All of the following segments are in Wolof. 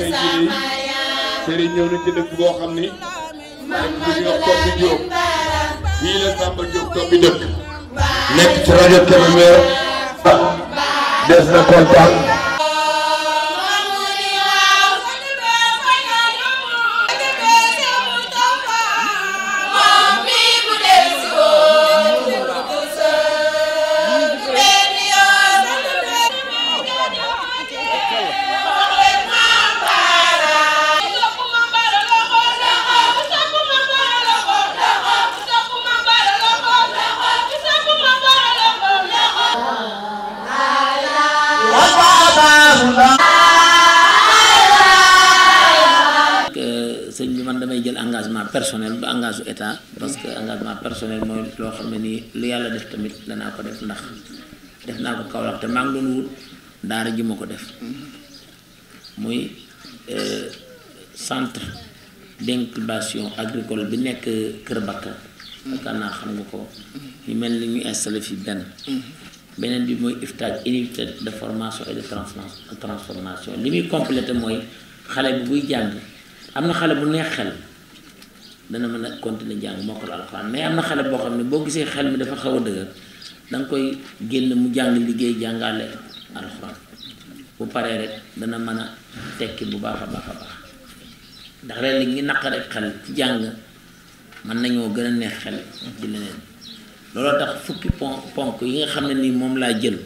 tey jii nii Serigne ñëw na ci dëkk boo xam ni dañ ko jox Toppi Diop fii la Samba Diop Toppi dëkk nekk ci rajo Kébémer des na kontaan. personnel du engage état parce que engagement personnel mooy loo xam ne nii lu yàlla def tamit danaa ko def ndax def naa ko Kaolack te maa ngi doon wut daara ji ma ko def muy euh, centre d'incubation agricole bi nekk Kër Bakka naa xam nga ko ñu mel ni ñu installé fi benn beneen bi mooy IFTAC unité de formation et de transformation li muy complété mooy xale bi buy jàng am na xale bu neex xel dana mën a continuer jàng mokkal alxuraan mais am na xale boo xam ne boo gisee xel mi dafa xaw a dëgër da nga koy génn mu jàng liggéey jàngale alxuraan bu paree rek dana mën a tekki bu baax a baax a baax ndax léeg-léeg ngi naqare xel ci jàng mën nañoo gën a neex xel ci leneen looloo tax fukki pon ponk yi nga xam ne nii moom laa jël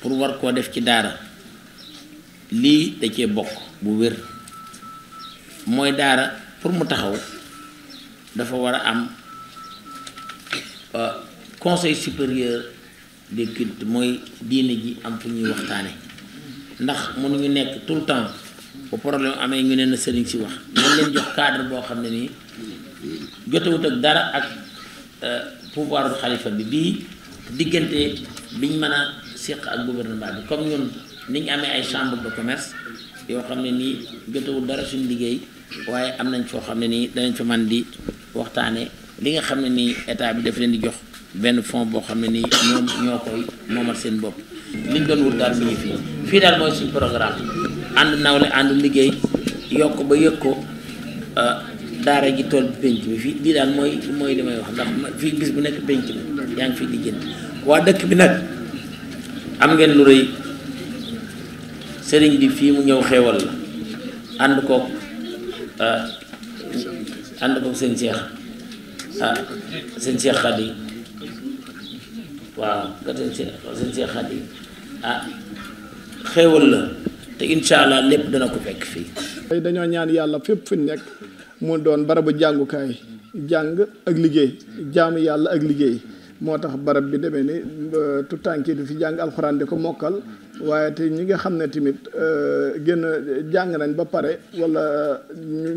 pour war koo def ci daara lii da cee bokk bu wér mooy daara pour mu taxaw dafa war a am euh, conseil supérieur des cultes mooy diine ji am fu ñuy waxtaane ndax mu mënuñu nekk tout le temps bu problème amee ñu ne na sëriñ si wax nañ leen jox cadre boo xam ne nii jotewut ak dara ak euh, pouvoir bu xalifa bi bii diggante biñ mën a séq ak gouvernement bi comme ñun niñ amee ay chambre de commerce yoo xam ne nii jotewul dara suñu liggéey waaye am nañ foo xam ne nii danañ fa man di waxtaane li nga xam ne nii état bi daf leen di jox benn fond boo xam ne nii ñoom ñoo koy moomal seen bopp liñ doon wut daal ñu fii fii daal mooy suñu programme ànd nawle ànd liggéey yokk ba ko euh, daara ji tool bi penc lii daal mooy mooy li wax ndax fii bis bu nekk penc bi yaa ngi fii di jënd waa dëkk bi nag am ngeen lu rëy sëriñ bi fii mu ñëw xéewal la ànd kook ah ànd ko seen Cheikh ah seen Cheikh Khady waaw nga seen Cheikh seen ah xéewal la te incha allah lépp dana ko fekk fii. tey dañoo ñaan yàlla fépp fu nekk mu doon barabu jàngukaay jàng ak liggéey jaam yàlla ak liggéey. moo tax barab bi demee ni tout tànk yi fi jàng alxuraan di ko mokkal waaye te ñi nga xam ne tamit euh, génn jàng nañ ba pare wala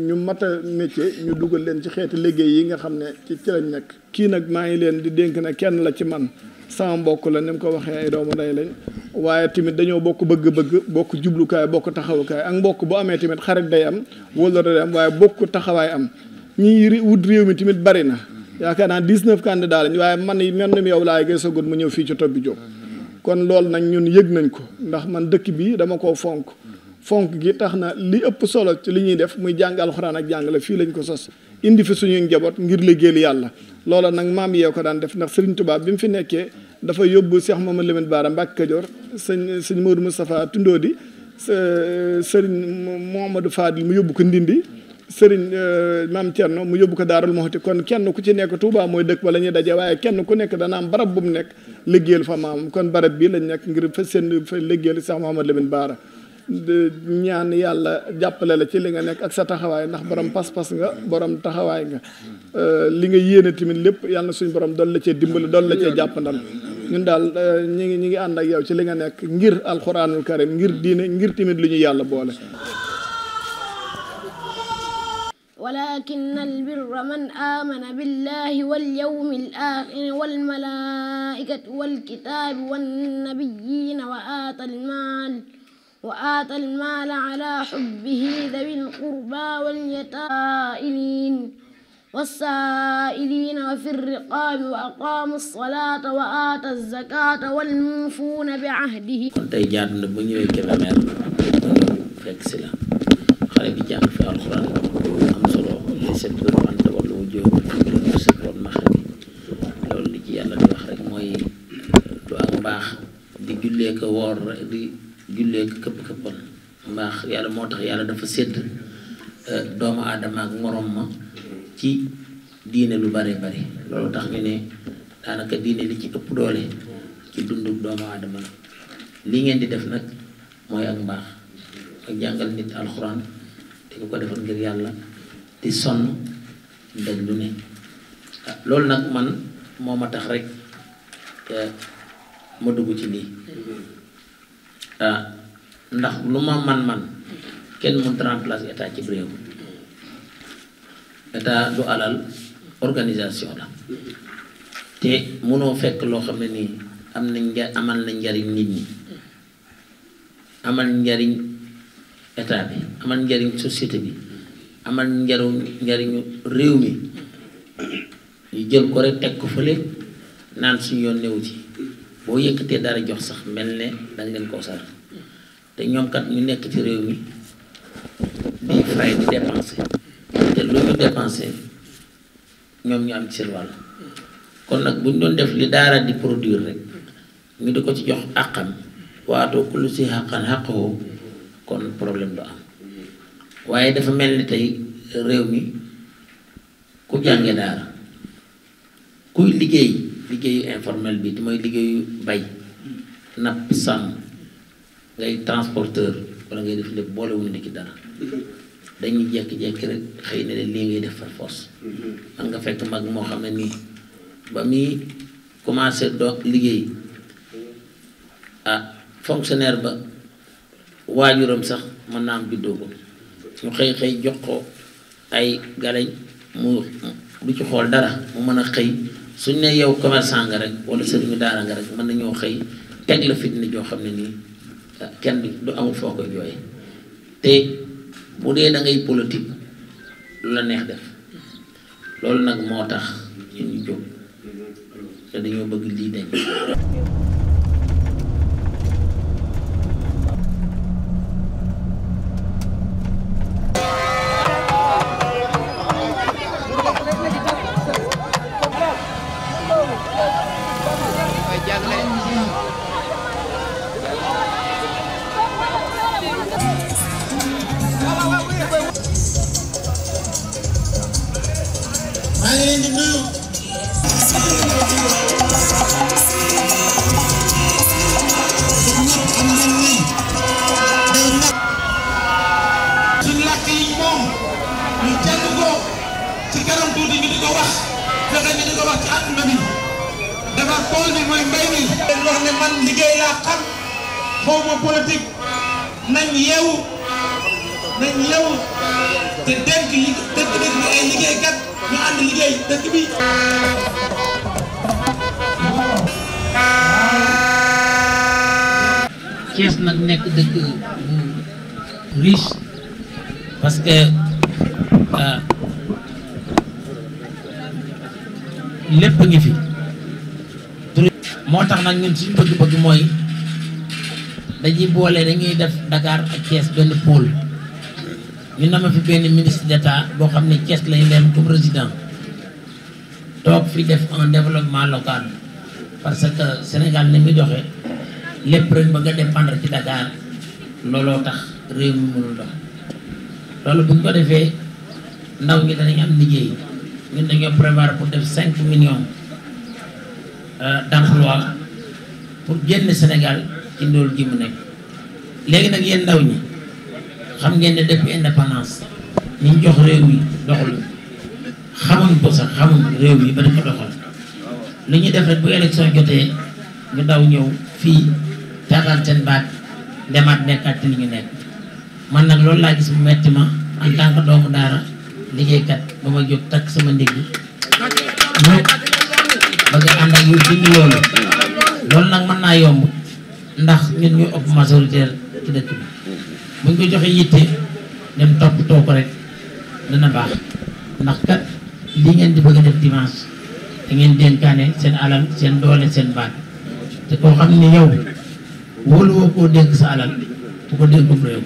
ñu mat a ñu dugal leen ci xeeti liggéey yi nga xam ne ci ci nekk. kii nag maa ngi leen di dénk na kenn la ci man sama mbokk la ni mu ko waxee ay doomu ndey lañ waaye tamit dañoo bokk bëgg-bëgg bokk jublukaay bokk taxawukaay ak mbokk bu amee tamit xarit day am wala day am waaye bokk taxawaay am ñi wut réew mi tamit bari na. yaakaar naa dix-neuf candidats waaye man mel ni yow laay gisagut mu ñëw fii ci Tobbi Diop kon loolu nag ñun yëg nañ ko ndax man dëkk bii dama ko fonk fonk gi tax na li ëpp solo ci li ñuy def muy jàng alxuraan ak jàngale fii lañ ko sos indi fi suñuy njaboot ngir liggéeyal yàlla loola nag maam yee ko daan def ndax Serigne tubaab bi mu fi nekkee dafa yóbbu Cheikh Mamadou Lamine Bara Mbacke Kajoor sëñ sëñ Modou Moustapha tundoo di sëriñ Mouhamadou Fadil mu yóbbu ko Ndindi sëriñ euh, maam Thierno mu yóbbu ko daarul ti kon kenn ku ci nekk Touba mooy dëkk ba la ñuy daje waaye kenn ku nekk dana am barab bu mu nekk liggéeyal fa maam kon barab bii lañ nekk ngir fa seen fa liggéeyal Cheikh Mouhamad Lamine Baara ñaan yàlla jàppale la ci li nga nekk ak sa taxawaay ndax borom pas-pas nga borom taxawaay nga euh, li nga yéene tamit lépp yàlla suñu borom doon la cee dimbali doon la cee jàppandal ñun daal euh, ñi ngi ñi ngi ànd ak yow ci li nga nekk ngir alxuraanul karim ngir diine ngir tamit lu ñu yàlla boole ولكن البر من آمن بالله واليوم الآخر والملائكة والكتاب والنبيين وآتى المال وآتى المال على حبه ذوي القربى واليتائمين والسائلين وفي الرقاب وأقاموا الصلاة وآتى الزكاة والموفون بعهده tey jaar na ba ñëwee Kébémer fekk si la xale bi jàng fi alxuraan seetlu na wante wala loolu ci yàlla di wax rek mooy du ak mbaax di jullee woor di jullee ko këpp këppoon mbaax yàlla moo tax yàlla dafa sedd eh, doomu aadama ak morom ma ci diine lu bare bari loolu tax ñu ne daanaka diine li ci ëpp doole ci dundu doomu aadama la li ngeen di def nag mooy ak mbaax ak jàngal nit alxuraan te ñu ko defal ngir yàlla. di sonn ndaj lu ne loolu nag man moo ma tax rek ma dugg ci lii mm-hmm. ah, ndax lu ma man-man kenn mënut remplacer état ci réew état du alal organisation la mm-hmm. te mënoo fekk loo xam ne nii am na nja amal na njariñ nit ñi mm-hmm. amal njariñ état bi amal njariñ société bi amal njariñ njariñu réew mi ñu jël ko rek teg ko fële naan suñu yoon newu ci boo yëkkatee dara jox sax mel ne dañ leen koo sar te ñoom kat ñu nekk ci réew mi di fay di dépensé te lu ñu dépensé ñoom ñu am ci seen wàll kon nag bu ñu doon def li daara di produire rek ñu di ko ci jox àqam waatoo kullu si xaqan xaqoo kon problème du am waaye dafa mel ni tey réew mi ku jànge daara kuy liggéey liggéeyu informel bi te mooy liggéeyu bay napp sàmm ngay transporteur wala ngay def lépp boolewuñu la ci dara dañuy jékki-jékki rek xëy na de lii ngay def par force man nga fekk mag moo xam ne nii ba muy commencé doog liggéey ah fonctionnaire ba waajuram sax mën naa am juddoo ko ñu xëy xëy jox ko ay galañ mu du ci xool dara mu mën a xëy suñ ne yow commerçant nga rek wala sëriñu daara nga rek mën nañoo xëy teg la fitna joo xam ne nii ah, kenn du amul foo ko jooyee te mu dee da ngay politique lu la neex def loolu nag moo tax ñu jóg te dañoo bëgg lii dañ fexe ñu di ko wax ci àdduna bi dafa tool bi mooy mbay mi. leen wax ne man liggéey laa xam xaw ma politique nañ yeewu nañ yeewu te dénk li dëkk bi ay liggéeykat ñu ànd liggéey dëkk bi. Thiès nag nekk dëkk bu riche parce que. Euh, lépp ngi fi moo tax nag ñun suñu bëgg-bëgg mooy dañuy boole dañuy def dakaar ak Thiès benn pôle ñu nama fi benn ministre d'État boo xam ne Thiès lay leen comme président toog fi def un développement local parce que Sénégal ni muy doxee lépp rek ba nga dépendre ci Dakar looloo tax réew mi mënul dox loolu bu ñu defee ndaw ñi danañ am liggéey ñun dañoo prévoir pour def cinq millions euh, d'emploi pour génn Sénégal ci ndool ji mu nekk léegi nag yéen ndaw ñi xam ngeen ne depuis indépendance ñu jox réew yi doxul xamuñ ko sax xamuñ réew mi ba dafa doxal li ñuy def rek bu élection jotee ñu daw ñëw fii taataan seen baat demaat nekkaat ci li ñu nekk man nag loolu laa gis mu metti ma en tant que doomu daara liggéeykat ba ma jóg takk sama ndigg ñëw bëgg ànd ak yu bind loolu loolu nag mën naa yomb ndax ñun ñu ëpp majoritaire ci dëkk bi buñ ko joxee yitte dem topp toog ko rek dina baax ndax kat li ngeen di bëgg def dimanche da ngeen dénkaane seen alal seen doole seen baat te koo xam ne yow wóolu koo dénk sa alal bu ko dénkum réew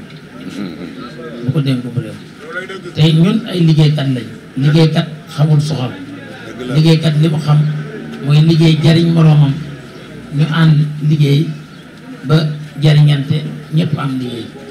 bu ko dénkum réew te ñun ay liggéeykat lañ liggéeykat xamul soxal liggéeykat li mu xam mooy liggéey jariñ moroomam ñu ànd liggéey ba jariñante ñëpp am liggéey